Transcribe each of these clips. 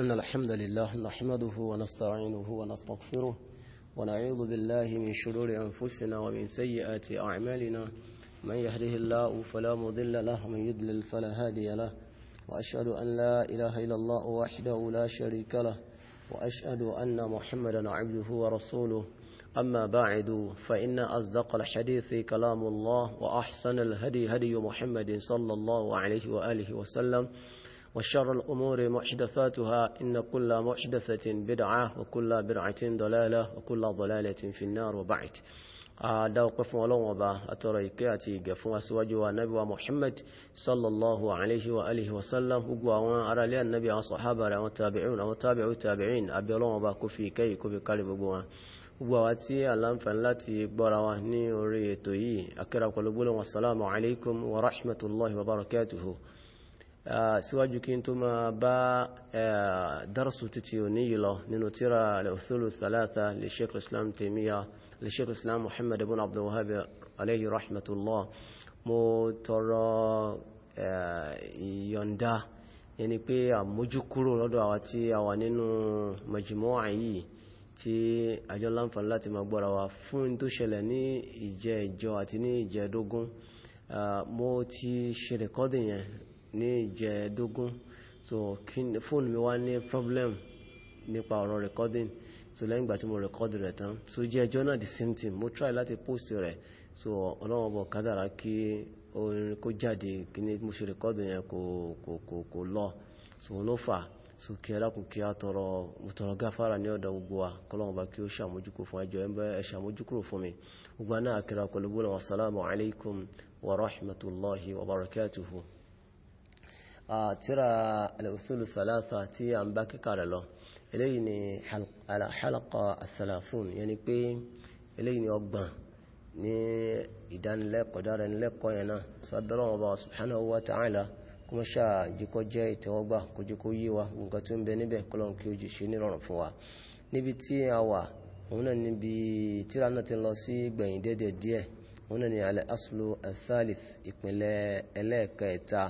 إن الحمد لله نحمده ونستعينه ونستغفره ونعوذ بالله من شرور أنفسنا ومن سيئات أعمالنا من يهده الله فلا مضل له ومن يضلل فلا هادي له وأشهد أن لا إله إلا الله وحده لا شريك له وأشهد أن محمدا عبده ورسوله أما بعد فإن أصدق الحديث كلام الله وأحسن الهدي هدي محمد صلى الله عليه وآله وسلم وشر الأمور محدثاتها إن كل محدثة بدعة وكل بدعة ضلالة وكل ضلالة في النار وبعد adáwọ̀pẹ́ fún ọlọ́run ọba àtọrọ ìkẹ́ àti ìgẹ̀ fún aṣíwájú wa nábí wa Muhammad sallallahu alaihi wa alihi wasallam gbogbo àwọn aráalé ànábí àwọn sọ̀hábà rẹ̀ àwọn tàbí'ìn àwọn tàbí'ù tàbí'ìn àbí ọlọ́run ọba kó fi ìkẹ́ yìí kó fi kárí gbogbo wọn gbogbo àwa tí aláǹfà láti gbọ́ra wa ní orí ètò yìí akẹ́rà pẹ̀lú gbólóhùn assalamu alaikum wa rahmatullahi wa barakatuhu Ah, síwájú kí n tó máa bá eh, dárásù títí òní yìí lọ nínú tíra al-uthulu thalatha lè sheikh islam tèmíyà lè sheikh islam muhammad ibn abdul wahhab alayhi rahmatullah mo tọrọ eh, ìyọ̀ǹda yẹni pé àmójúkúrò lọ́dọ̀ àwa tí a wà nínú majmu'a yìí tí àjọ láǹfààní láti máa gbọ́ra wa fún tó ṣẹlẹ̀ ní ìjẹ́ ìjọ àti ní ìjẹ́dógún ah, mo ti ṣe rẹ̀kọ́dì yẹn ní ìjẹ́dógún so fóònù mi wá ní problem nípa ọ̀rọ̀ recording so lẹ́yìn ìgbà tí mo record rẹ̀ tán so jẹ́ ẹjọ́ náà the same thing mo try láti post rẹ̀ so ọlọ́run ọbọ̀ kádàrá kí orin kó jáde kí ni mo ṣe record yẹn kò kò kò kò lọ so ló fà so kí ẹlákùn kí á tọrọ mo tọrọ gáfárà ní ọ̀dọ̀ gbogbo wa kọ́lọ́run ọba kí ó ṣàmójúkò fún ẹjọ́ ẹ̀mbẹ́ ẹ ṣàmójúkúrò fún mi gbogbo náà kíra pẹ̀lú bọ́lá wasalaamu alaykum wa rahmatulahi wa barakatuhu tíra al-usul thalatha tí a ń bá kíkà rẹ̀ lọ eléyìí ni halaqa asalafun yẹni pé eléyìí ni ọgbọ̀n ní ìdánilẹ́kọ̀ọ́ dára nílẹ́kọ̀ọ́ yẹn náà sábẹ́rẹ́ wọn bá subhanahu wa ta'ala kó mọ́ ṣáà jíkọ́ jẹ́ ìtẹ́wọ́gbà kó jíkó yí wa nǹkan tó ń bẹ níbẹ̀ kọ́lọ́n kí ó jì ṣe wa níbi tí a wà òun náà níbi tíra náà ti lọ sí gbẹ̀yìn dédé díẹ̀ òun náà ni al-aslu al ìpínlẹ̀ ẹlẹ́ẹ̀kẹta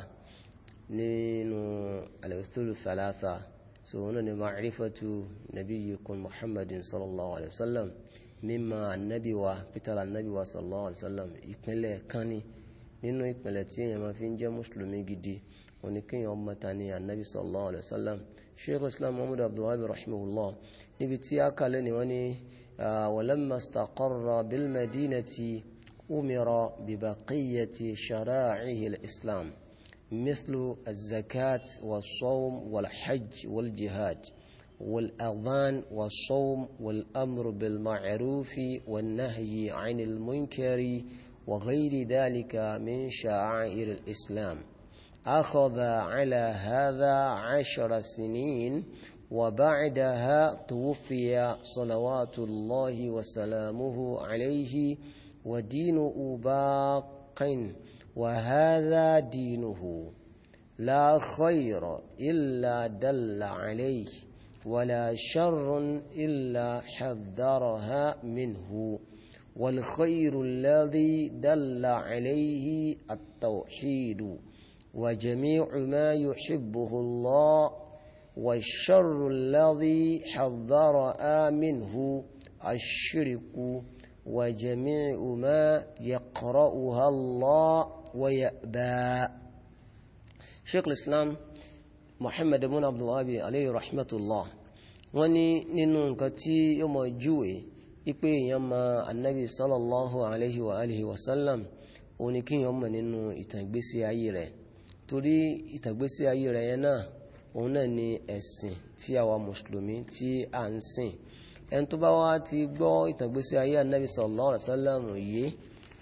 nínú alẹ́sọ́lù salasa so wọn ni ma'rifatu nabiyyikum muhammadin sallallahu alaihi wasallam mímọ̀ annabi wa peter annabi wa sallallahu alaihi wasallam ìpínlẹ̀ kan ni nínú ìpínlẹ̀ tí èèyàn máa fi ń jẹ́ mùsùlùmí gidi wọn ni kíyàn ọmọ ta ni annabi sallallahu alaihi wasallam sheikh islam muhammad abdulwahab rahimahullah níbi tí a kalẹ̀ ni wọ́n ni walamma bil madinati umira bi baqiyati shara'ihi islam مثل الزكاة والصوم والحج والجهاد والأذان والصوم والأمر بالمعروف والنهي عن المنكر وغير ذلك من شعائر الإسلام أخذ على هذا عشر سنين وبعدها توفي صلوات الله وسلامه عليه ودينه باق وهذا دينه لا خير إلا دل عليه ولا شر إلا حذرها منه والخير الذي دل عليه التوحيد وجميع ما يحبه الله والشر الذي حذرها منه الشرك وجميع ما يقرأها الله ويأبى شيخ الإسلام محمد بن عبد الوهاب عليه رحمة الله wọ́n ní nínú nǹkan tí ó mọ̀ júwe ipé èèyàn ma annabi sallallahu alaihi wa alihi wasallam ó ní kí èèyàn mọ̀ nínú ìtàgbésí ayé rẹ̀ torí ìtàgbésí ayé rẹ̀ yẹn náà òun náà ni ẹ̀sìn tí àwa mùsùlùmí tí a ń sìn ẹni tó bá wá ti gbọ́ ìtàgbésí ayé annabi sallallahu alaihi wa sallam yìí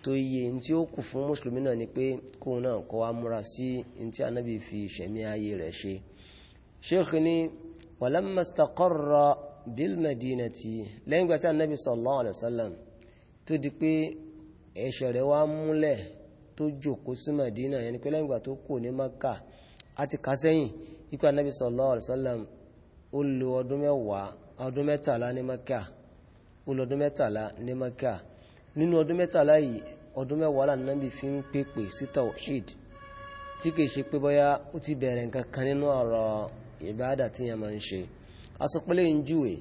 tó yẹ ní tí ó kù fún mùsùlùmí náà ni pé kóun náà kọ́ wa múra sí ní tí anábì fi ṣẹ̀mí ayé rẹ̀ ṣe sheikh ni walamma istaqarra bil sallallahu sallam tó di pé ẹ̀ṣẹ̀ rẹ̀ wá múlẹ̀ tó jòkó sí madina yẹn ni pé sallallahu sallam ó lo ọdún mẹ́wàá ọdún mẹ́tàlá ní nínú ọdún mẹ́tàlá yìí ọdún mẹ́wàá lànàbí fi ń pèpè sí tawhid tí kìí ṣe pé bóyá ó ti bẹ̀rẹ̀ nǹkan kan nínú ọ̀rọ̀ ìbáàdà tí yẹn máa ń ṣe asopẹ́lẹ̀ ń júwe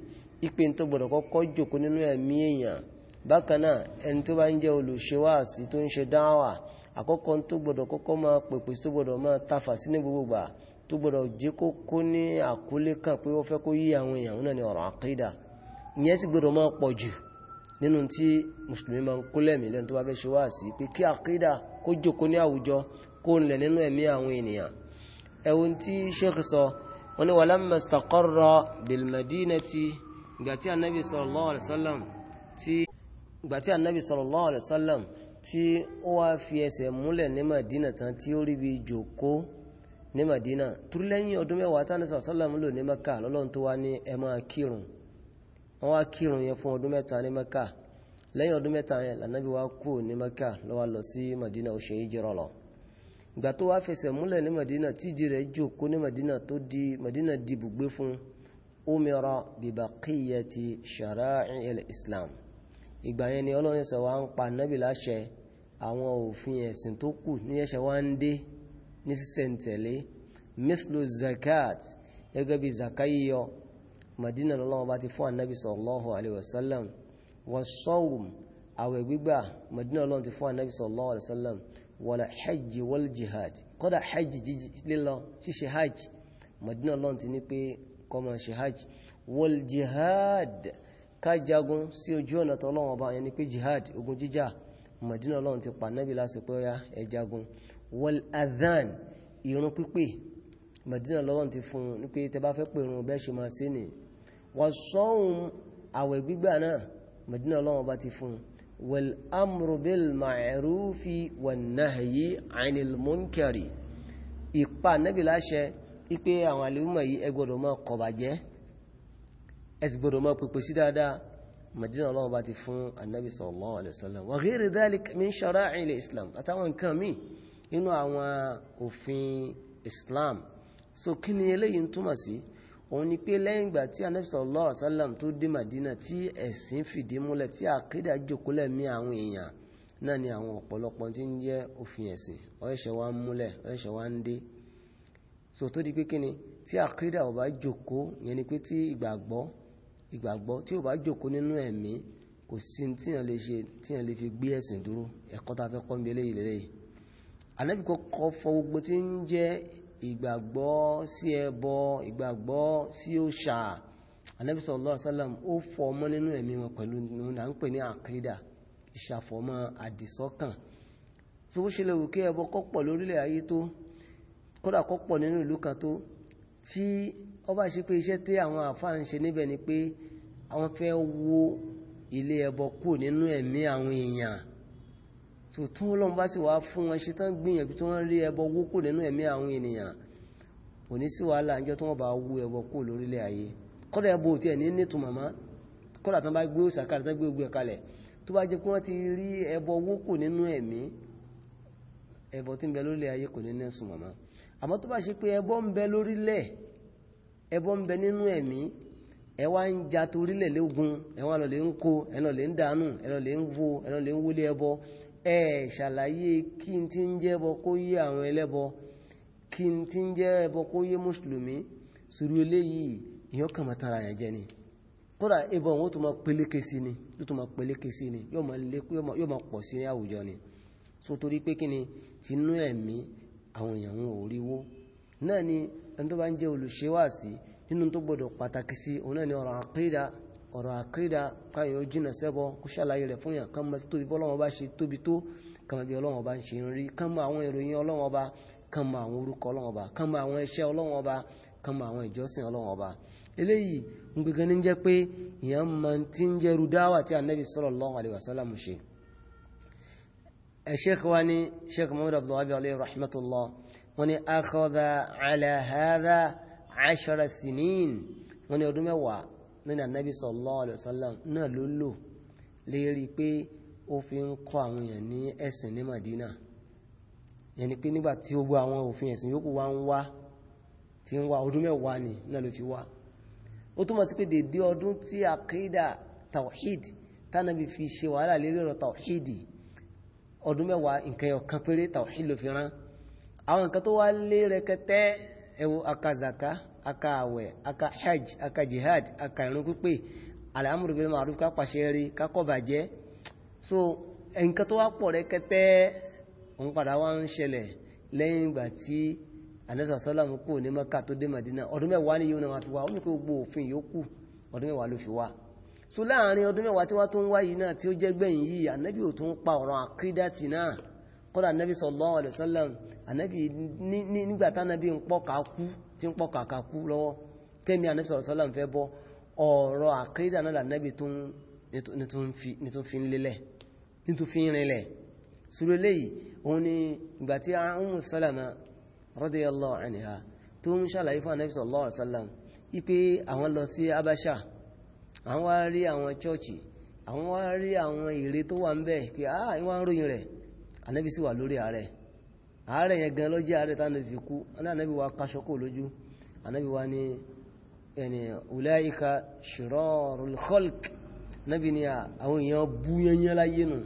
ipe tó gbọ́dọ̀ kọ́kọ́ jòkó nínú ẹ̀mí èèyàn bákan náà ẹni tó bá ń jẹ́ olùṣèwáàsí tó ń ṣe dáwà àkọ́kọ́ tó gbọ́dọ̀ kọ́kọ́ máa pèpè tó gbọ́dọ̀ máa tafà sí ní gbogbo gbà tó gbọ́dọ̀ jẹ́ kó ní àkólé kan pé ó fẹ́ kó yí àwọn èèyàn náà ní ọ̀rọ̀ àkídà ìyẹn sì gbọ́dọ̀ máa pọ̀ jù nínú tí mùsùlùmí máa ń kó lẹ́mìí lẹ́nu tó bá fẹ́ ṣe wá sí pé kí àkídà kó jòkó ní àwùjọ kó ń lẹ̀ nínú ẹ̀mí àwọn ènìyàn ẹ̀wọ̀n tí sheikh sọ wọn ni walamma istaqarra bil madinati ìgbà tí anabi sallallahu alayhi wasallam tí ìgbà tí anabi sallallahu alayhi wasallam tí ó wá fi ẹsẹ̀ múlẹ̀ ní madina tán tí ó rí bí jòkó ní madina turulẹ́yìn ọdún mẹ́wàá tánà sallallahu lò ní maka lọ́lọ́run tó wá ní ẹ máa kírun wọ́n wá kírun yẹn fún ọdún mẹ́ta ní mẹ́ka lẹ́yìn ọdún mẹ́ta yẹn lànàbí wá kú ní mẹ́ka lọ́wọ́ lọ sí madina ó ṣe hijira lọ ìgbà tó wá fẹsẹ̀ múlẹ̀ ní madina tíjì rẹ̀ jòkó ní madina tó di madina di bùgbé fún umira bibaqiyati shara'i al-islam ìgbà yẹn ni ọlọ́run ṣe wá ń pa nábì láṣẹ àwọn òfin ẹ̀sìn tó kù ní ẹ̀ṣẹ̀ wá ń dé ní sísẹ̀ntẹ̀lé mislu zakat gẹ́gẹ́ bí zakaiyọ madina lọ́wọ́ bá ti fún anabi sallallahu alayhi wa sallam wa sawm àwẹ̀ gbígbà madina lọ́wọ́ ti fún anabi sallallahu alayhi wa sallam wala hajj wal jihad kódà hajj lílọ ṣíṣe hajj madina lọ́wọ́ ti ní pé kọ́mọ ṣe hajj wal jihad ká jagun sí ojú ọ̀nà tọ́lọ́wọ́ bá yẹn ni pé jihad ogun jíjà madina lọ́wọ́ ti pa anabi lásìkò ya ẹ jagun wal adhan ìrun pípè madina lọ́wọ́ ti fún ní pé tẹ fẹ́ pè irun ṣe máa ṣe nìyí wọ́n sọ́hun àwẹ̀ gbígbà náà Madina ọlọ́wọ́ bá ti fún wal amru bil ma'rufi wan nahyi 'anil munkari ìpa nẹ́bì láṣẹ ipé àwọn alẹ́wùmọ̀ yìí ẹ gbọ́dọ̀ máa kọ̀bàjẹ́ ẹ sì gbọ́dọ̀ máa pèpè sí dáadáa Madina ọlọ́wọ́ bá ti fún annabi sallallahu alaihi wasallam wa ghayri òun ni pé lẹ́yìn ìgbà tí anabi sallallahu alaihi tó dé Madina tí ẹ̀sìn fìdí múlẹ̀ tí àkídà jòkólẹ̀ mí àwọn èèyàn náà ni àwọn ọ̀pọ̀lọpọ̀ tí ń jẹ́ òfin ẹ̀sìn ọ̀ẹ́ṣẹ̀ wa ń múlẹ̀ ọ̀ẹ́ṣẹ̀ wa ń dé so tó di pé kíni tí àkídà ò bá jòkó yẹn ni pé tí ìgbàgbọ́ ìgbàgbọ́ tí ò bá jòkó nínú ẹ̀mí kò sí tíyàn lè ṣe tíyàn lè fi gbé ẹ̀sìn dúró ẹ̀kọ́ ta fẹ́ kọ́ ń bí eléyìí lélẹ́yìí ànábì kọ́kọ́ fọ gbogbo tí ń jẹ́ ìgbàgbọ́ sí ẹbọ ìgbàgbọ́ sí òṣà Ànábì sallallahu alaihi wasallam ó fọmọ́ nínú ẹ̀mí wọn pẹ̀lú nà ń pè ní àkídà ìṣàfọmọ́ àdìsọ́kàn tó bó ṣe lè wù kí ẹbọ kọ́pọ̀ lórílẹ̀ ayé tó kódà kọ́pọ̀ nínú ìlú kan tó tí ó bá ṣe pé iṣẹ́ tí àwọn àfáà ń ṣe níbẹ̀ ni pé àwọn fẹ́ wó ilé ẹbọ kù nínú ẹ̀mí àwọn èèyàn so tó lọ́n bá sì wá fún wọn ṣe tán gbìyànjú tó wọ́n rí ẹbọ wó kò nínú ẹ̀mí àwọn ènìyàn kò ní sí wàhálà níjọ́ tó wọ́n bá wó ẹbọ kò lórílẹ̀ ayé kọ́dà ẹbọ òtí ẹ̀ ní nítun màmá kọ́dà tán bá gbé òsàkàrẹ̀ tán gbé ogun ẹ̀kalẹ̀ tó bá jẹ́ pé wọ́n ti rí ẹbọ wó kò nínú ẹ̀mí ẹbọ tí ń bẹ lórílẹ̀ ayé kò ní nẹ́sùn màmá àmọ́ tó bá ṣe ja torílẹ̀ lógun ẹ wá lọ lè ń kó ẹ lè ń dànù ẹ lè ń vo ẹ lè ń wọlé ẹbọ ẹ ṣàlàyé kí n ti ń jẹ́ bọ kó yé àwọn ẹlẹ́bọ kí n ti ń jẹ́ bọ kó yé mùsùlùmí sùúrù eléyìí èèyàn kàn máa tara ẹ̀jẹ̀ ni kódà ẹbọ wọn tó máa peléke sí ni tó tó máa peléke sí ni yóò máa pọ̀ sí àwùjọ ni so torí pé kí ni tinú ẹ̀mí àwọn èèyàn wọn náà ni ẹni tó bá ń jẹ́ olùṣèwàsí nínú tó gbọdọ̀ pàtàkì sí òun náà ni ọ̀rọ̀ àkídà ọ̀rọ̀ àkídà káyọ̀ jìnà sẹ́bọ̀ kó ṣàlàyé rẹ̀ fún yàn kán mọ́ sí tóbi bọ́lọ́wọ́ bá ṣe tóbi tó kán bí ọlọ́wọ́ bá ń ṣe ń rí kán mọ àwọn ìròyìn ọlọ́wọ́ bá kán mọ àwọn orúkọ ọlọ́wọ́ bá kán mọ àwọn iṣẹ́ ọlọ́wọ́ bá kán mọ àwọn ìjọsìn ọlọ́wọ́ bá eléyìí ń gbẹgẹ́ ní jẹ́ pé ìyàn máa ti ń jẹ́rú dáwà tí anabi sallallahu alaihi wasallam ṣe الشيخ واني شيخ عبد الوهاب عليه رحمة الله واني أخذ على هذا عشر سنين واني أدوم nínú ànábì sallallahu alaihi wasallam náà ló lò lérí pé ó fi ń kọ́ àwọn èèyàn ní ẹ̀sìn ní Madina yẹni pé nígbà tí ó gbọ́ àwọn òfin ẹ̀sìn yòókù wá ń wá tí ń wá ọdún mẹ́wàá ni náà ló fi wá ó túmọ̀ sí pé dèdé ọdún tí àkídà tawhid tánàbí fi ṣe wàhálà lérí ọ̀rọ̀ tawhid ọdún mẹ́wàá nǹkan ọ̀kan péré tawhid ló fi rán àwọn nǹkan tó wá lé rẹkẹtẹ ẹwọ akazaka aka àwẹ̀ aka hajj aka jihad aka ìrun pípé al-amru bil ma'ruf ká pàṣẹ rí ká kọ̀ bàjẹ́ so nǹkan tó wá pọ̀ rẹ́kẹ́tẹ́ òun padà wá ń ṣẹlẹ̀ lẹ́yìn ìgbà tí anẹ́sà sọ́làmù kò ní Mẹ́kà tó dé Mẹ́dínà ọdún mẹ́wàá ní yíò náà fi wá ó ní kó gbogbo òfin yòókù ọdún mẹ́wàá ló fi wá so láàrin ọdún mẹ́wàá tí wọ́n tó ń wá yìí náà tí ó jẹ́ gbẹ̀yìn yìí ànábì ò tó ń pa ọ̀rọ̀ àkídà tì náà kọ́dà ànábì sallallahu ànábì nígbà tánábì ń pọ́ka kú tí ń pọ́ka kakú lọ́wọ́ tẹ́mi ànábì sọ̀rọ̀ sọ́lá ń fẹ́ bọ́ ọ̀rọ̀ àkídà náà lànábì tó fi ń lélẹ̀ tó fi ń rinlẹ̀ sùrù eléyìí òun ni ìgbà tí Ummu Salama radiyallahu anha tó ń ṣàlàyé fún ànábì sallallahu alaihi wasallam ipe àwọn lọ sí Abasha àwọn wá rí àwọn chọ́ọ̀chì àwọn wá rí àwọn ìre tó wà ń bẹ̀ pé ah ìwọ̀n ròyìn rẹ̀ ànábì sì wà lórí ààrẹ àárẹ̀ yẹn gan lọ́jẹ́ àárẹ̀ tánà fi kú anábi wa kaṣọ́kò lójú anábi wa ni ẹni ulaika shirarul khalq nábi ni àwọn èèyàn bú yẹnyẹ láyé nù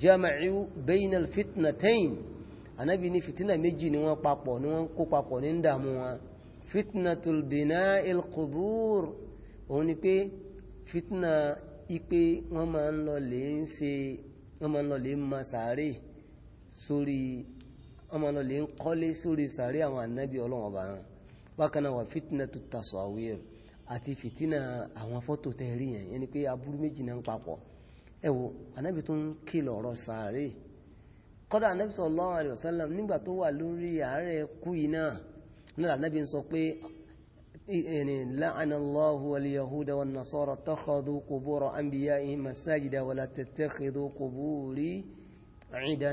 jama'u bainal fitnatain anábi ni fitina méjì ni wọ́n papọ̀ ni wọ́n kó papọ̀ ní dàmú wọn fitnatul bina'il qubur òun ni pé fitna ipe wọ́n máa ń lọ lè ń ṣe wọ́n máa ń lọ lè ń ma sàárè sórí ọmọ náà lè ń kọ́lé sórí sàárè àwọn ànábì ọlọ́run ọba hàn bákan náà wà fitna tó tasawir àti fitina àwọn fọ́tò tẹ́ rí yẹn yẹn ni pé aburú méjì náà ń papọ̀ ẹ wo ànábì tó ń kìlọ̀ ọ̀rọ̀ sàárè kọ́dà ànábì sallallahu alaihi wasallam nígbà tó wà lórí àárẹ̀ kú yìí náà nígbà ànábì ń sọ pé لعن الله واليهود والنصارى اتخذوا قبور أنبيائهم مساجدا ولا تتخذوا قبوري عيدا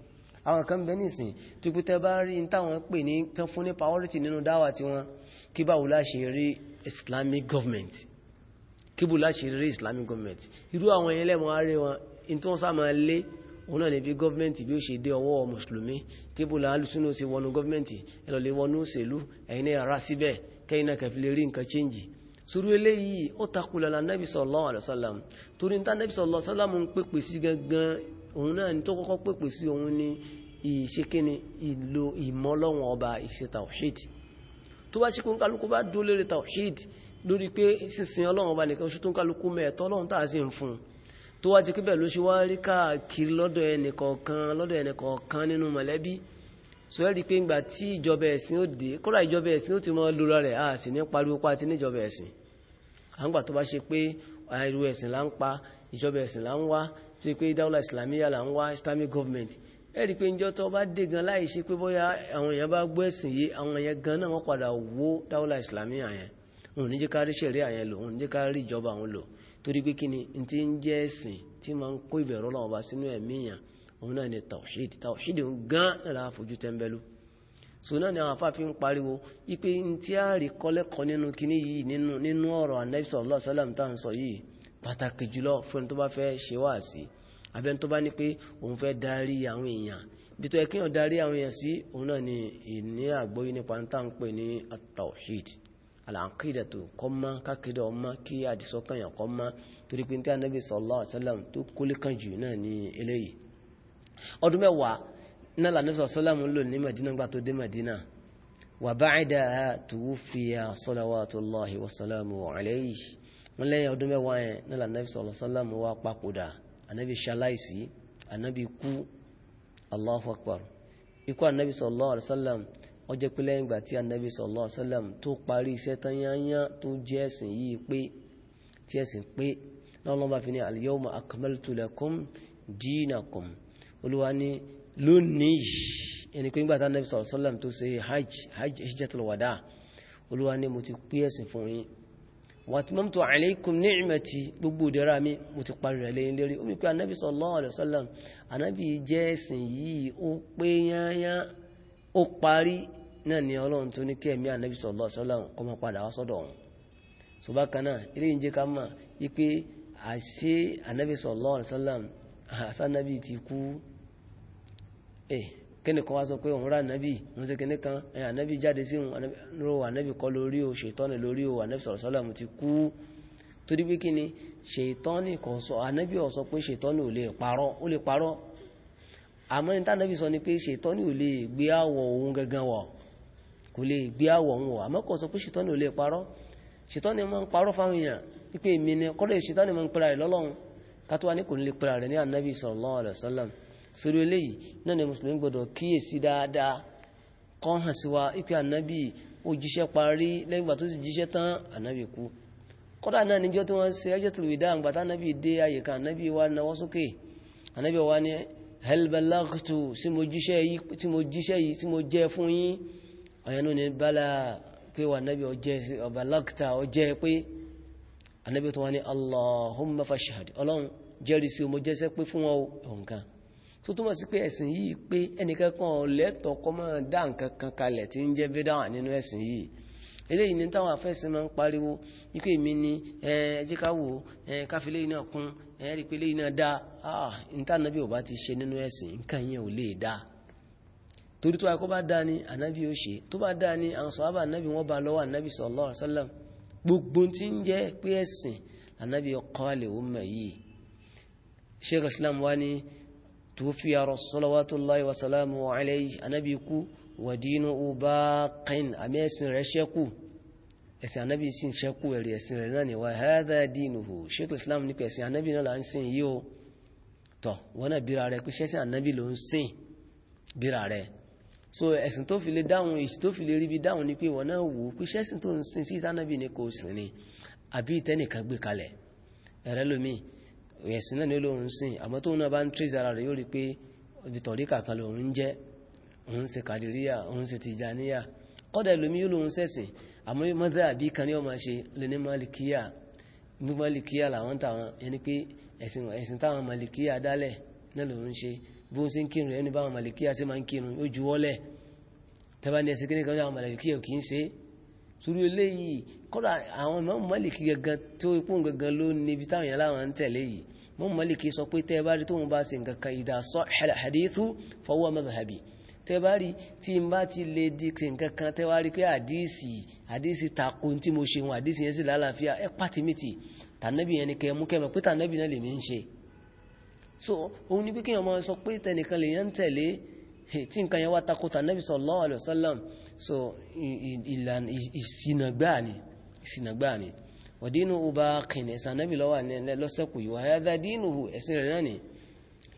àwọn kan bẹ nísìn tó pé tẹ bá rí táwọn pè ní tán fún ní priority nínú dáwà tí wọn kí báwo la ṣe rí islamic government kí báwo la rí islamic government irú àwọn ẹlẹ́mọ̀ ààrẹ wọn in tó ń sáàmà lé òun náà ní bí gọ́ọ̀mẹ́ntì bí ó ṣe dé ọwọ́ mùsùlùmí kí báwo la alùsùn náà ṣe wọnú gọ́ọ̀mẹ́ntì ẹlọ́lẹ̀ wọnú òṣèlú ẹ̀yin náà rà síbẹ̀ kẹ́yìn náà kẹfì lè rí nǹkan change sùrù òun náà ni tó kọ́kọ́ pèpè sí òun ni ìṣekíni ìlò ìmọ́lọ́wọ̀n ọba ìṣe tawhid tó bá ṣe kún kálukú bá dó lórí tawhid lórí pé sísin ọlọ́wọ̀n ọba nìkan ṣe tó ń kálukú mẹ́ẹ̀tọ́ ọlọ́run tàà sí ń fún tó wá ti kíbẹ̀ ló ṣe wá rí káàkiri lọ́dọ̀ ẹnìkọ̀ọ̀kan ìjọba ẹ̀sìn ó ti mọ́ lóra rẹ̀ a sì ní pariwo pa ti níjọba ẹ̀sìn àǹgbà tó bá ṣe pé àìrú ẹ̀sìn là ń pa ìjọba ẹ̀sìn là ń wá tó yí pé dáúlà islamiyya là ń wá islamic government ẹ̀rí pé ìjọ tó bá dé gan láì ṣe pé bóyá àwọn èèyàn bá gbọ́ ẹ̀sìn yìí àwọn èèyàn gan náà wọ́n padà wó dáúlà islamiyya yẹn òun ní jẹ́ ká rí ṣẹ̀rí àyẹn lò òun ní jẹ́ ká rí ìjọba àwọn lò torí pé kíni n ti ń jẹ́ ẹ̀sìn tí máa ń kó ìbẹ̀rù Ọlọ́run bá sínú ẹ̀mí yàn òun náà ni tawhid tawhid ń gan náà láà fojú tẹ́ńbẹ́lú so náà ni àwọn afáfin ń pariwo ipe n tí a kọ́lẹ́kọ́ nínú kíní yìí nínú ọ̀rọ̀ Ànábì sallallahu alaihi wasallam tá à ń sọ yìí pàtàkì jùlọ fún tó bá fẹ́ ṣe wá sí abẹ́ni tó bá ní pé òun fẹ́ darí àwọn èèyàn bí tó yẹ kí wọ́n darí àwọn èèyàn sí òun náà ni ìní àgbóyí nípa ń tàn pè ní at-tawhid al-aqida tó kọ́ mọ́ kákìdá ọmọ kí àdìsọ́kànyàn kọ́ mọ́ torí pé tí Ànábì sallallahu alaihi wasallam tó kólé kan jù náà ní eléyìí ọdún mẹ́wàá náà lànà sallam lò ní Madina gbà tó dé Madina wa ba'daha tuwuffiya salawatullahi wa salamuhu alayhi wọ́n lẹ́yìn ọdún mẹ́wàá yẹn nílà anabi sallallahu alaihi wasallam wá papòdà anabi ṣaláìsí anabi kú allahu akbar ikú anabi sallallahu alaihi wasallam ó jẹ́ pé lẹ́yìn ìgbà tí anabi sallallahu alaihi wasallam tó parí iṣẹ́ tán yányán tó jẹ́ ẹ̀sìn yìí pé tí ẹ̀sìn pé náà lọ́ba fi ní al-yawma akmaltu lakum dinakum olúwa ní lónìí ẹni pé ńgbà tí anabi sallallahu alaihi wàtímọ́mtò àìlẹ́kùn ní ìmẹ̀tì gbogbo ìdẹ́ra mi mo ti parí rẹ̀ lẹ́yìn lérí omi pé anábì sallallahu alaihi wasallam anábì jẹ́ ẹ̀sìn yìí ó pé yányá ó parí náà ni ọlọ́run tó ní kẹ́ẹ̀mí sallallahu alaihi wasallam kó máa kíni kan wá sọ pé òun rà nábì òun sí kíní kan ẹ̀yà nábì jáde sí ro ànábì kọ́ lórí o ṣètọ́nì lórí o ànábì sọ̀rọ̀ sọ́lá mo ti kú torí pé kíni ṣètọ́nì kan sọ ànábì ò sọ pé ṣètọ́nì ò lè parọ́ ó lè parọ́ àmọ́ ní tànábì sọ ni pé ṣètọ́nì ò lè gbé àwọ̀ òun gangan wọ̀ kò lè gbé àwọ̀ òun wọ̀ àmọ́ kò sọ pé ṣètọ́nì ò lè parọ́ ṣètọ́nì máa ń parọ́ fáwọn èèyàn wípé èmi ni kọ́lẹ̀ ṣètọ́nì máa ń pera rẹ̀ lọ́lọ́run ká tó wá ní kò ní lè pera rẹ̀ ní ànábì sallallahu alaihi wasallam sórí eléyìí náà ni mùsùlùmí gbọdọ̀ kíyèsí dáadáa kọ́ hàn sí wa ipe ànábì ó jíṣẹ́ parí lẹ́yìn ìgbà tó sì jíṣẹ́ tán ànábì kú kọ́dà náà níjọ́ tí wọ́n ṣe ẹjọ́ tó lè dá àgbà tá ànábì dé àyíká ànábì wa náwó sókè ànábì wa ní hal tí mo jíṣẹ́ yìí tí mo jẹ́ fún yín ọ̀yàn náà ni bala pé wà ànábì ọjẹ́ ọbalagta ọjẹ́ pé ànábì tó wá ní allahumma fashhad ọlọ́run jẹ́rìí sí o mo jẹ́sẹ́ pé fún wọn ò tó túnmọ̀ sí pé ẹ̀sìn yìí pé ẹnìkankan lẹ́tọ̀ọ́ kọ́ máa dá nǹkan kan kalẹ̀ tí ń jẹ́ bídáwà nínú ẹ̀sìn yìí eléyìí ní táwọn afẹ́sìn máa ń pariwo wípé èmi ni ẹjẹ́ ká wò káfílé náà kún ẹ̀rí pé léyìn náà dá ah ìtànàbí ò bá ti ṣe nínú ẹ̀sìn nǹkan yẹn ò lè dá torí tó akọ́ bá dá ní ànábì ó ṣe tó bá dá ní àwọn sọ̀hábà ànábì wọ́n bá lọ́wọ́ ànábì sallallahu alaihi gbogbo tí ń jẹ́ pé ẹ̀sìn ànábì ọkọ̀ àlè ó mọ̀ yìí Sheikh Islam wá tuwufiya rasulallah wa salamu alayhi anabi kú wa dinuhu baqin àmì ẹ̀sìn rẹ̀ ṣẹ́kù ẹ̀sìn anabi sì ń ṣẹ́kù ẹ̀rì ẹ̀sìn rẹ̀ náà ni wa hadha dinuhu sheikh islam nípa ẹ̀sìn anabi náà là ń sìn yìí o tọ̀ wọn náà bíra rẹ̀ pé ṣẹ́sìn anabi ló ń sìn bíra rẹ̀ so ẹ̀sìn tó fi dáhùn èsì tó fi lè dáhùn ni pé wọ́n náà wò pé ṣẹ́sìn tó ń sìn sí ìsánábì ni kò sìn ni àbí ìtẹ́nìkan gbé kalẹ̀ ẹ̀rẹ́ lómi ẹ̀sìn náà ní olóhun sìn àmọ́ tóun náà bá ń tírèsì ara rẹ̀ yóò rí pé ìtọ̀rí kàkan lòun jẹ́ òun ṣe kàdìríyà òun ṣe tìjàníyà kọ́dà lómi yóò lòun sẹ̀sìn àmọ́ mọ́tẹ́ àbí kan ní ọmọ ṣe lè ní malikiya ní malikiya làwọn táwọn yẹni pé ẹ̀sìn táwọn malikiya dálẹ̀ náà lòun ṣe sórí eléyìí kọ́dà àwọn Imam Málìkì gangan tó ipò gangan ló níbi táwọn yẹn láwọn ń tẹ̀lé yìí Imam Málìkì sọ pé tẹ́ bá rí tóun bá ṣe nǹkan kan idha sahha al-hadithu fahuwa madhhabi tẹ́ bá rí tí n bá ti lè di ṣe nǹkan pé àdíìsì àdíìsì tí mo ṣe àdíìsì yẹn sì lálàáfíà ẹ pàtìmìtì tànàbì yẹn ni kẹ mú pé tànàbì náà lèmi ń ṣe so òun ni pé kéèyàn máa sọ pé tẹnìkan lèèyàn ń tẹ̀lé tí nǹkan yẹn wá tako tànàbì sallallahu alaihi so ilan ìsìnàgbà ni ìsìnàgbà ni wàdínú ọba kìnnì sànàbí lọ́wà ní lọ́sẹ̀kù yíwa ẹ̀dá dínú ẹ̀sìn rẹ̀ náà ni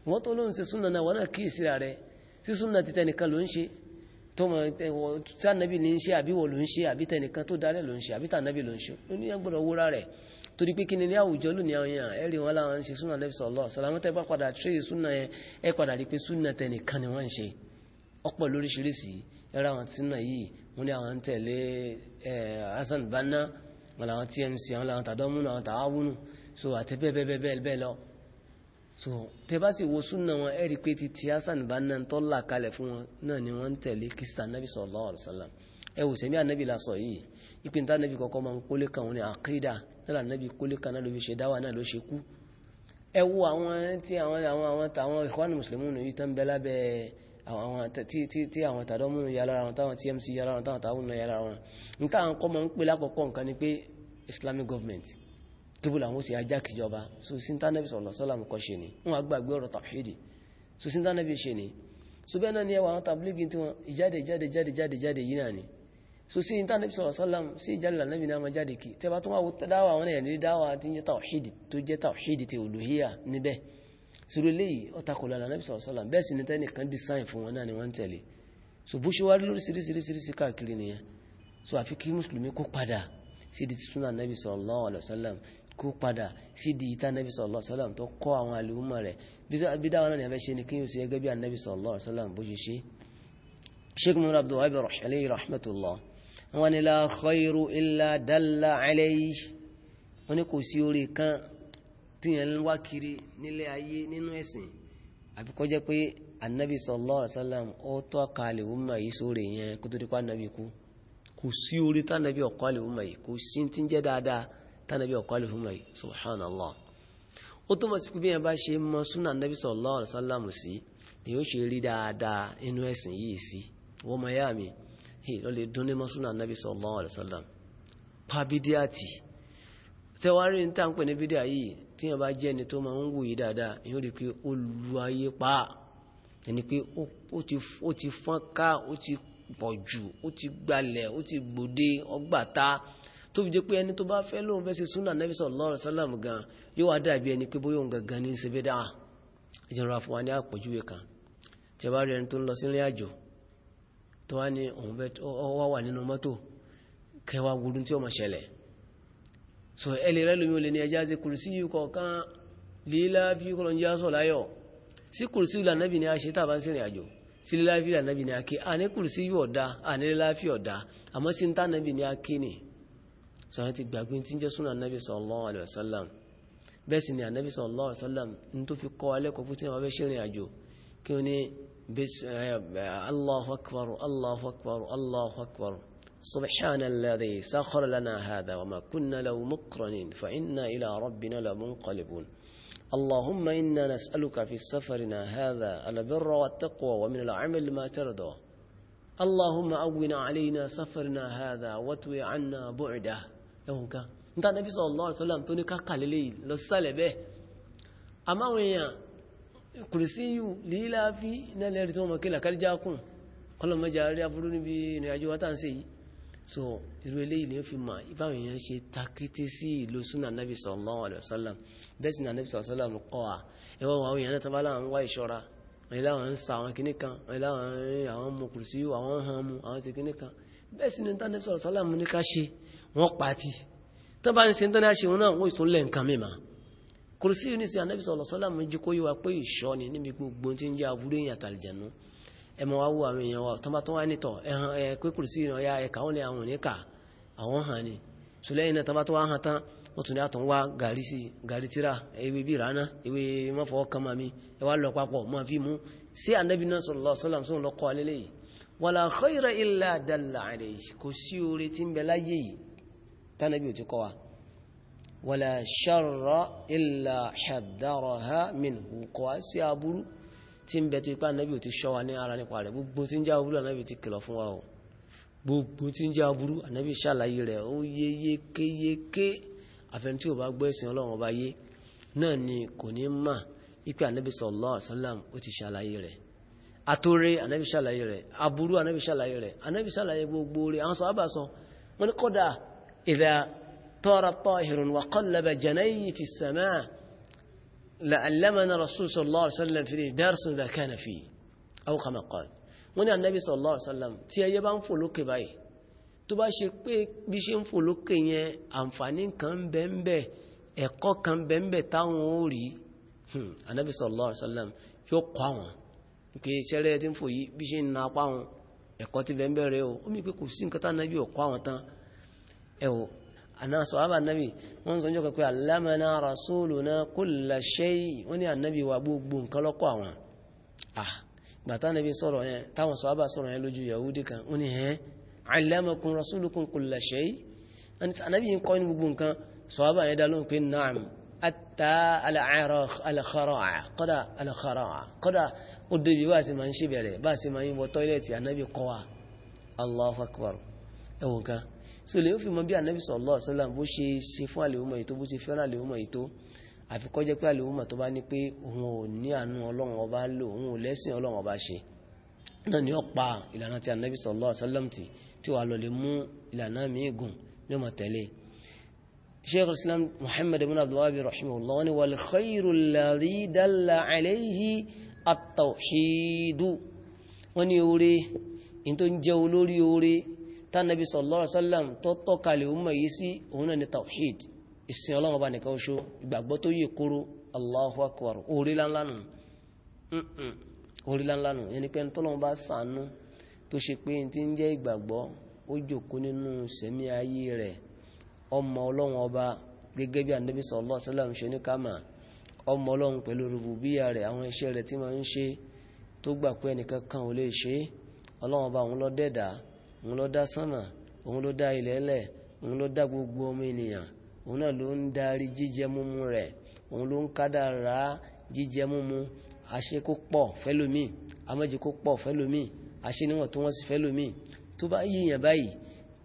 wọ́n tó ló ń ṣe súnà náà wọ́n náà kíyèsí rẹ̀ sí súnà títẹ́ nìkan ló ń ṣe tó mọ̀ sànàbí ní ń ṣe àbí wọ́n ló ń ṣe àbí tẹnìkan tó dálẹ̀ ló ń ṣe àbí tànàbí ló ń ṣe ó ní agbọ́dọ̀ wúra rẹ̀ torí pé kí ni ní àwùjọ lónìí àwọn èèyàn ẹ̀rí wọn láwọn ń ṣe súnà lẹ́fisọ̀ lọ sàlámọ́tẹ́ bá padà tírè súnà ọ̀pọ̀ lóríṣiríṣi ẹ̀rọ àwọn tí náà yìí wọ́n ní àwọn ń tẹ̀lé Hassan Banna wọn làwọn TMC àwọn làwọn tàdọ́múnú àwọn tàwáwúnú so àti bẹ́ẹ̀bẹ́ẹ̀bẹ́ẹ̀ lọ so tẹ bá sì wo súnà wọn ẹ̀rí pé ti ti Hassan Banna tó là kalẹ̀ fún wọn náà ni wọ́n ń tẹ̀lé kìsìtà nábì sallallahu alaihi wasallam la sọ yìí ìpín tá ànábì kọ́kọ́ máa ń kólé kan òun ni àkídà náà ànábì kólé kan náà ló fi ṣe dáwà náà ló ṣe kú ẹ wo àwọn tí àwọn àwọn àwọn tàwọn Ikhwanul Muslimun yìí tán bẹ́ àwọn tí àwọn tàdọ́mù ya lára wọn táwọn tmc ya lára wọn táwọn tàwọn ya lára wọn ní táwọn kọ́ mọ́ ń pè lákọ̀ọ́kọ́ nǹkan ni pé islamic government kíbùlà àwọn ó sì ajá kìjọba so sintanabi sọ̀rọ̀ sọ́làmù kọ́ ṣe ni wọ́n agbàgbé ọ̀rọ̀ tàwídì so sintanabi ṣe ni so bẹ́ẹ̀ náà ni ẹwà àwọn tàbílígì tí wọ́n ìjáde jáde jáde jáde jáde yìí náà ni so sí sintanabi sọ̀rọ̀ sọ́làmù sí ìjáde lànàbì náà máa jáde kì tẹ́bà tó wà dáwà àwọn èèyàn ní dáwà tí ń jẹ́ tàwídì tó jẹ́ tàwídì ti olùhíyà níbẹ̀ sórí eléyìí ọ̀takùnlá Ànábì sallallahu alaihi wasallam bẹ́ẹ̀ sì ní tẹ́nìkan design fún wọn náà ni wọ́n ń tẹ̀lé so bó ṣe wá rí lóríṣiríṣiríṣi káàkiri nìyẹn so àfi kí mùsùlùmí kó padà sídi tí súnà Ànábì sallallahu alaihi wasallam kó padà sídi ìta Ànábì sallallahu alaihi wasallam tó kọ́ àwọn àlùmọ̀ rẹ̀ bí dáwọn náà ni a fẹ́ ṣe ni kí yóò ṣe gẹ́gẹ́ bí Ànábì sallallahu alaihi wasallam bó ṣe ṣe sheikh muhammad abdullahi alayhi rahmatullah tíyẹn ń wá kiri nílé ayé nínú ẹ̀sìn àbí kó pé anabi sallallahu alaihi wasallam ó tọ́ ka àlèwúmọ̀ yìí sórí yẹn kó tó di anabi kú kò sí orí tánàbí ọ̀kọ́ àlèwúmọ̀ yìí kò sí ti ń jẹ́ dáadáa tánàbí ọ̀kọ́ àlèwúmọ̀ yìí subhanallah ó tó mọ̀ sí pé yẹn bá ṣe mọ súnà anabi sallallahu alaihi wasallam sí ni yóò ṣe rí dáadáa inú ẹ̀sìn yìí sí wọ́n mọ̀ yá mi lọ́lẹ̀ dún ní mọ́ súnà anabi sallallahu alaihi wasallam pàbídíàtì tẹwárí ní tàǹpẹ ní bídíà yìí tí yàn bá jẹ́ ni tó máa ń wòye dáadáa èyàn rí pé ó lu ayé pa ẹni pé ó ti fọ́n ká ó ti pọ̀ jù ó ti gbalẹ̀ ó ti gbòde ọgbàta tó fi jẹ́ pé ẹni tó bá fẹ́ lóun fẹ́ ṣe súnà nẹ́bí sallallahu alaihi wasallam gan yóò wá dàbí ẹni pé bóyá òun gangan ní ṣe bídà ìjọra ah, fún wa ní àpọ̀júwe kan tí a rí ẹni tó ń lọ sí àjò tó wá ní òun fẹ́ wà nínú mọ́tò kẹwàá wúrú tí ó máa ṣẹlẹ̀ so ẹni rẹ lómi olè ní ẹjá sí kùrùsí yìí kọ̀ọ̀kan lílá fi kọ́lọ̀ ń já sọ láyọ̀ sí kùrùsí yìí lànàbì ni a ṣe tàbá ń sìnrìn àjò sí lílá fi lànàbì ni a ké àní kùrùsí yìí ọ̀dá àní lílá fi ọ̀dá ni so àwọn ti gbàgbé tí sallallahu alaihi wasallam bẹ́ẹ̀ ni ànàbì sallallahu alaihi wasallam ń tó fi kọ́ alẹ́kọ̀ọ́ fún tí wọ́n fẹ́ ṣèrìn àjò kí wọ́n ní سبحان الذي سخر لنا هذا وما كنا لو مقرنين فإنا إلى ربنا لمنقلبون اللهم إنا نسألك في سفرنا هذا البر والتقوى ومن العمل ما ترضى اللهم أونا علينا سفرنا هذا واتوي عنا بعده يهونك انت النبي صلى الله عليه وسلم تونيكا قليلي به أما ويا كرسي ليلا في نالي رتوما كلا كالجاكم قلما جاري أفروني بي نعجوة تنسي so irú eléyìí ni ó fi mọ̀ ìbáwọn èèyàn ṣe takítí sí ìlú súnà nàbì sallallahu alaihi wasallam bẹ́ẹ̀ sì nà nàbì sallallahu alaihi wasallam kọ́ à ẹwọ́ àwọn èèyàn náà tán bá láwọn ń wá ìṣọ́ra wọ́n yìí láwọn ń sa àwọn kìíní kan wọ́n yìí láwọn àwọn mú kùrùsí àwọn hàn mú àwọn ti kìíní kan bẹ́ẹ̀ sì ni tán nàbì sallallahu alaihi wasallam ní ká ṣe wọ́n pàtì tán bá ń ṣe tán ṣe wọn náà wọ́n ìtúnlẹ̀ nǹkan mìíràn kùrùsí yìí ní sí ànàbì sallallahu alaihi wasallam jí kó yíwa pé ìṣọ́ ni níbi gbogbo tí ń jẹ́ aburú èèyàn àtàlìjẹ̀nú ẹmọ wá wú àwọn èèyàn wà tó bá tó wá nítọ̀ ẹ̀hàn ẹ̀kùnkùn sí ìrìnà ya ẹ̀kà wọ́n ni àwọn oníkà àwọn hàn ní so lẹ́yìn náà tó bá tó wá hàn tán wọ́n tún ní àtọ̀ wá gàrí tíra ewé bí rana ewé mọ́fọ́ wala sharra illa haddaraha minhu kọ́ sí aburú tí ń bẹ̀tọ̀ ipá anábì ò ti ṣọ́ wa ní ara nípa rẹ̀ gbogbo tí ń já aburú anábì ti kìlọ̀ fún wa o gbogbo tí ń já aburú anábì ṣàlàyé rẹ̀ ó yé yékéyéké àfẹn tí ò bá gbọ́ ẹ̀sìn ọlọ́run ọba yé náà ni kò ní mà ipé anábì sallallahu alaihi wasallam ó ti لعلمنا الرسول صلى الله عليه وسلم في درس ذا كان فيه أو كما قال من النبي صلى الله عليه وسلم tí ẹyẹ bá ń fò lókè báyìí tó bá ṣe pé bí ṣe ń fò lókè yẹn àǹfààní kan bẹ́ẹ̀bẹ́ ẹ̀kọ́ kan bẹ́ẹ̀bẹ́ táwọn ó rí ànábì sallallahu alaihi wasallam yóò kọ́ àwọn pé ṣẹ́rẹ́ tí ń fò yìí bí ṣe ń na apá àwọn ẹ̀kọ́ ti bẹ́ẹ̀bẹ́ rẹ o ó pé kò sí nǹkan tá ànábì ò kọ́ àwọn tán ẹ̀wọ̀ àná sọ̀hábà nábì wọ́n sọ jọ́kọ̀ pé alámẹ́ná rasuluna kulla shay wọ́n ní ànábì wa gbogbo nǹkan lọ́kọ̀ àwọn àgbàtà ah, nábì sọ̀rọ̀ yẹn táwọn sọ̀hábà sọ̀rọ̀ yẹn lójú yahudi kan wọ́n ní hẹ́n alamakum rasulukum kulla shay ànábì yìí kọ́ ní gbogbo nǹkan sọ̀hábà yẹn dá lóhùn pé naam ata alakhara'a kọ́dà alakhara'a kọ́dà ó débi bá a sì máa ń ṣe bẹ̀rẹ̀ bá a sì máa ń wọ tọ́ílẹ̀tì ànábì kọ́ wa allahu akbar ẹ̀wọ̀n kan so lè ó fi mọ bí anabi sallallahu alaihi wasallam bó ṣe ṣe fún àlèhùnmọ̀ yìí tó bó ṣe fẹ́ràn àlèhùnmọ̀ yìí tó àfi kó jẹ́ pé àlèhùnmọ̀ tó bá ní pé òun ò ní àánú ọlọ́run ọba lò òun ò lẹ́sìn ọlọ́run ọba ṣe náà ni ó pa ìlànà ti anabi sallallahu alaihi wasallam tí tí wàá lọ lè mú ìlànà míì gùn ní ọmọ tẹ̀lé sheikh islam muhammad ibn abdullahi rahimahullah wani wal khayru alladhi dalla alayhi at-tawhid wani oore in ń jẹ́ olórí oore tánàbí sallallahu alaihi wasallam tó tọ́kalẹ̀ ọmọ yìí sí òun náà ni tawhid ìsìn ọlọ́run ọba nìkan ṣo ìgbàgbọ́ tó yẹ kóró allahu akbar orílánlánu orílánlánu ẹni pé tọ́lọ́run bá sànú tó ṣe pé tí ń jẹ́ ìgbàgbọ́ ó jòkó nínú sẹ́mi ayé rẹ̀ ọmọ ọlọ́run ọba gẹ́gẹ́ bí ànábì sallallahu alaihi wasallam ṣe ní kàmà òun ló dẹ̀dá òun ló dá sánmà òun ló dá ilẹ̀ ẹlẹ̀ òun ló dá gbogbo ọmọ ènìyàn òun náà ló ń darí jíjẹ múmu rẹ̀ òun ló ń kádàrá jíjẹ múmu àṣẹ kó pọ̀ fẹ́lómi amẹ́jẹ kó pọ̀ fẹ́lómi àṣẹ níwọ̀n tó wọ́n sì fẹ́lómi tó bá yíyàn báyìí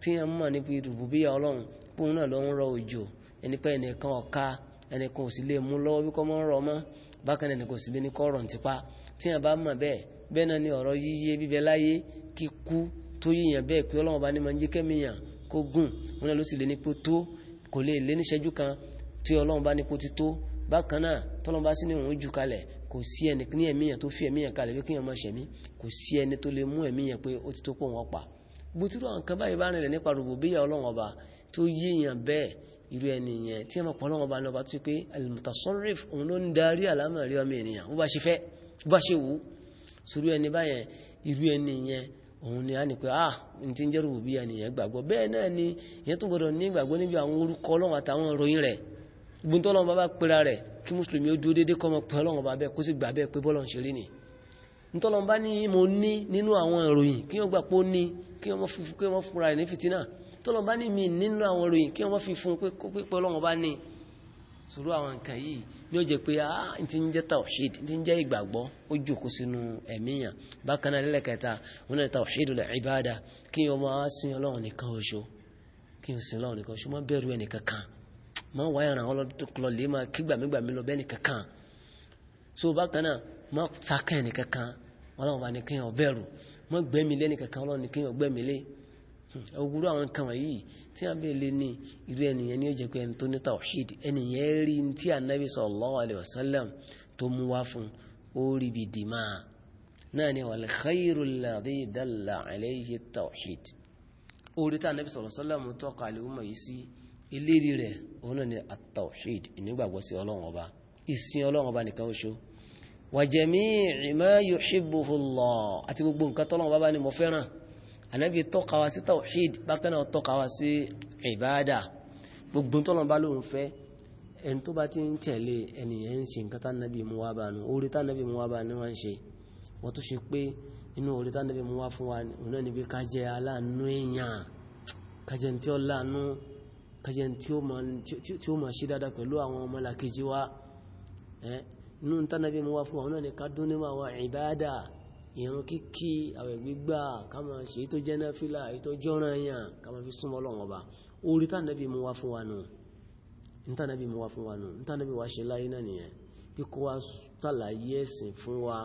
tí wọ́n mọ̀ nípa ìdùbù bí ọlọ́run pé òun náà ló ń rọ òjò ẹnipẹ́ ẹnìkan ọ̀ka ẹnìkan ò sì lè mú lọ́wọ́ bí kò ń rọ ọmọ bákan ẹnìkan ò sì lè ní kọ́ ọ̀rọ̀ ntipa tí wọ́n bá mọ̀ bẹ́ẹ̀ bẹ́ẹ̀ náà ni ọ̀rọ̀ yíyé bíbẹ láyé kíkú tó yíyàn bẹ́ẹ̀ pé ọlọ́wọ́n bá ní ma ń jẹ́ kẹ́míyàn kó gùn wọn náà ló sì lè ní pé tó kò lè lé níṣẹ́jú kan tí ọlọ́wọ́n bá ní kó ti tó bákan náà tọ́lọ́wọ́n bá sí ní òun jù kalẹ̀ kò sí ẹni ní ẹ̀míyàn tó fi ẹ̀míyàn kalẹ̀ pé kíyàn máa ṣẹ̀mí kò sí ẹni tó lè mú ẹ̀míyàn pé ó ti tó pọ̀ wọn pa gbótúrú àwọn kan báyìí bá rìn rẹ̀ nípa rògbòbíyà ọlọ́wọ́n ọba tó yíyàn bẹ́ẹ̀ irú ẹni yẹn tí ẹmọ pọ̀lọ́wọ́ bá lọ tó pé al-mutasarrif òun ló ń darí àlámọ̀rí ọmọ ènìyàn bó bá ṣe fẹ́ bó bá ṣe wù sórí ẹni báyẹn irú ẹni yẹn òun ni a ní pé ah n ti ń jẹ́rù bí ẹnìyàn gbàgbọ́ bẹ́ẹ̀ náà ni ìyẹn tó gbọdọ̀ ní ìgbàgbọ́ níbi àwọn orúkọ ọlọ́run àtàwọn ìròyìn rẹ̀ gbogbo tó ọlọ́run bá bá pera rẹ̀ kí mùsùlùmí ó dúró dédé kọ́ ọmọ pé ọlọ́run bá bẹ́ẹ̀ kó sì gbà bẹ́ẹ̀ pé bọ́lọ̀ ń ṣe rí ni ntọ́lọ́run bá ní mo ní nínú àwọn ìròyìn kí wọ́n gbà pé ó ní kí wọ́n fi fún kí wọ́n fúnra rẹ̀ ní fìtínà tọ́lọ́run bá ní mi nínú àwọn ìròyìn kí wọ́n fi fún pé ọlọ́run bá ní sùúrù àwọn nǹkan yìí yóò jẹ pé ah n ti ń jẹ tawhid n ti ń jẹ ìgbàgbọ́ ó jòkó sínú ẹ̀míyàn bákan náà lẹ́lẹ́kẹta wọn náà tawhidul ibada kí o máa sin ọlọ́run nìkan oṣù kí o sin ọlọ́run nìkan oṣù má bẹ̀rù ẹnìkan kan má wá ìràn ọlọ́dúnkọlọ lè máa kí gbàmígbàmí lọ bẹ́ẹ̀ nìkan kan so bákan náà má takàn ẹnìkan kan ọlọ́run bá ní kí o bẹ̀rù má gbẹ́mi lẹ́nìkan kan ọlọ́run ní kí o Hmm. ogúrú àwọn nǹkan wọ̀nyí tí a bèèrè lè ní irú ẹniyàn ní ó jẹ́ pé ẹni tó ní tawhid ẹniyàn rí tí ànábì sallallahu alaihi wasallam tó mú wá fún ó rí bí dìmá náà ni wal khayru alladhi dalla alayhi tawhid ó rí tí ànábì sallallahu alaihi wasallam tó kọ àlèwọ́mọ̀ yìí sí ìlérí rẹ̀ òun ni at-tawhid ìnígbàgbọ́ sí ọlọ́run ìsìn ọlọ́run nìkan oṣù wa jami'i ma ànábì tọ́ka wa sí tawhid bákan náà tọ́ka wa sí ìbáadà gbogbo tọ́lọ̀ bá lóun fẹ́ ẹni tó bá ti ń tẹ̀lé ẹnìyẹn ń ṣe nǹkan tánàbí mú wá bá nu orí tánàbí mú wá bá ní wọ́n ń ṣe wọ́n tó ṣe pé inú orí tánàbí mú wá fún wa náà níbi ká aláàánú èèyàn ká tí ó láàánú ká tí ó máa ṣe dáadáa pẹ̀lú àwọn ọmọlàkejì wa inú tánàbí mú wá fún wa náà ní ká ìbáadà ìrun kíkí àwẹ̀ gbígbà ká máa ṣe tó jẹ́ náfílà ètò jọ́ràn yàn ká máa fi súnmọ́ Ọlọ́run Ọba orí tánàbí mú wá fún wa nù nítànàbí mú wá fún wa nù nítànàbí wá ṣe láyé náà nìyẹn bí kó wá tàlàyé ẹ̀sìn fún wa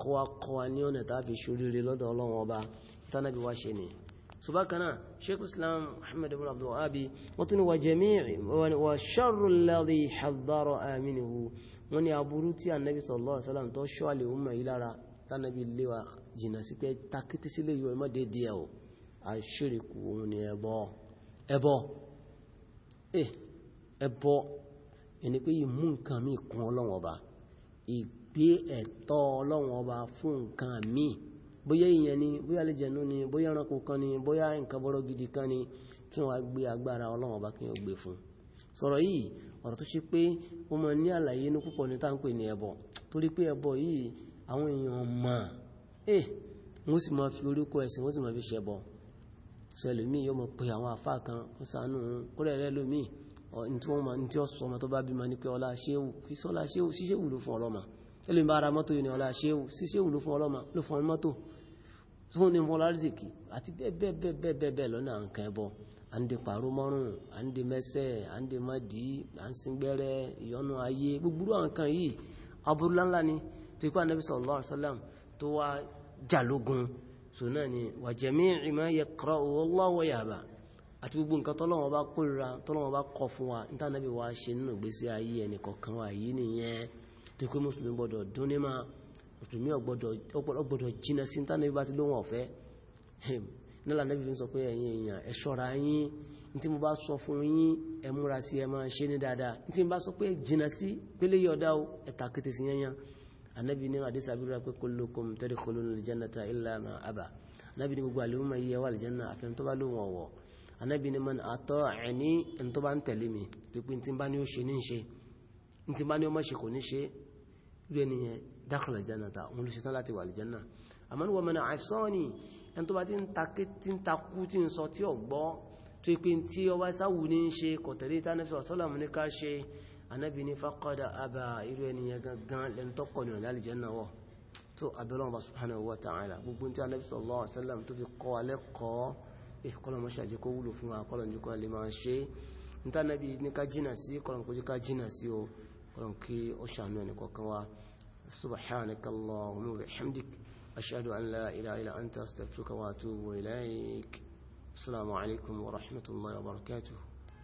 kó wá kọ́ wa ní ọ̀nà tàbí ṣoríire lọ́dọ̀ Ọlọ́run Ọba nítànàbí wá ṣe nìyẹn subakana sheikh islam muhammad ibn abdul abi wọ́n tún ni wà jami'i wà sharru alladhi haddara aminihu wọ́n ni aburú tí annabi sallallahu tó ṣọ́ àlè tánàbí léwa jìnà sí pé takété sílé yóò ẹmọ́ dédé ẹ̀ o àṣírìkù òun ni ẹbọ ẹbọ ẹbọ ẹni pé yìí mú nǹkan míì kún ọlọ́run ọba ìgbé ẹ̀tọ́ ọlọ́run ọba fún nǹkan míì bóyá ìyẹn ni bóyá àlejànú ni bóyá ẹranko kan ni bóyá nǹkan bọ́rọ̀ gidi kan ni kí wọ́n gbé agbára ọlọ́run ọba kí wọ́n gbé fún sọ̀rọ̀ yìí ọ̀rọ̀ tó ṣe pé ó mọ ní àlàyé inú púpọ̀ ní táǹpẹ̀ ní ẹbọ torí pé ẹbọ yìí àwọn èèyàn mọ̀ eh wọ́n sì máa fi orúkọ ẹ̀sìn wọ́n sì máa fi ṣẹbọ so ẹlòmíì yóò mọ̀ pé àwọn àfá kan kó sànú kúrẹ̀ rẹ̀ lómi tí wọ́n máa tí ó sọ ọmọ tó bá bímọ ní pé ọlá ṣéwù kìí sọ ọlá ṣéwù ṣíṣéwù ló fún ọlọ́mà ẹlòmíì bá ara mọ́tò yìí ni ọlá ṣéwù ṣíṣéwù ni tí ikú anábì sallallahu alaihi wasallam tó wá jàlógún so náà ni wà jami'i ma yaqra'u wallahu àti gbogbo nǹkan tọ́lọ́wọ́ bá bá kọ fún wa níta anábì wa nínú ìgbésí ayé ẹnì kọ̀ọ̀kan yìí nìyẹn tó tí mo anabi ní hadith abirira pé kullukum tadkhuluna aljannata illa ma aba anabi ní gbogbo àlùmọ yìí wà aljanna àfihàn tó bá lóun ọwọ anabi ní man ata'ani ẹni tó bá ń tẹ̀lé mi pípé ntí bá ní ó ṣe ní ń ṣe ntí bá ní ó má ṣe kò ní ṣe lóye nìyẹn dakhala aljannata òun ló ṣe tán láti wà aljanna àmọ́ wa man asani ẹni tó bá ti ń takú tí ń sọ tí ò gbọ́ tó pé ntí ọba sáwù ní ń ṣe kò tẹ̀lé ìtànẹ́fẹ́ ọ̀sọ́làmù ní ká ṣe anábì ní faqada aba irú ẹniyàn gangan lẹ́nu tọ́kọ̀ ní ọ̀lá àlìjẹ́nà wọ̀ tó abẹ́lọ́wọ́ bá subhanahu wa ta'ala gbogbo tí anábì sallallahu alaihi wasallam tó fi kọ́ alẹ́ kọ́ ìkọlọmọṣàjẹ́ eh, kó wúlò fún akọlọ̀nìkọ́ lè máa ṣe ní tánàbí ní ká jìnà sí kọlọ̀nkójú ká jìnà sí o kọlọ̀nkí ó ṣàánú ẹni kọ̀ọ̀kan wa subhanakallahumma wa bihamdik ashhadu an la ilaha illa anta astaghfiruka wa atubu ilaik assalamu alaikum wa rahmatullahi wa barakatuh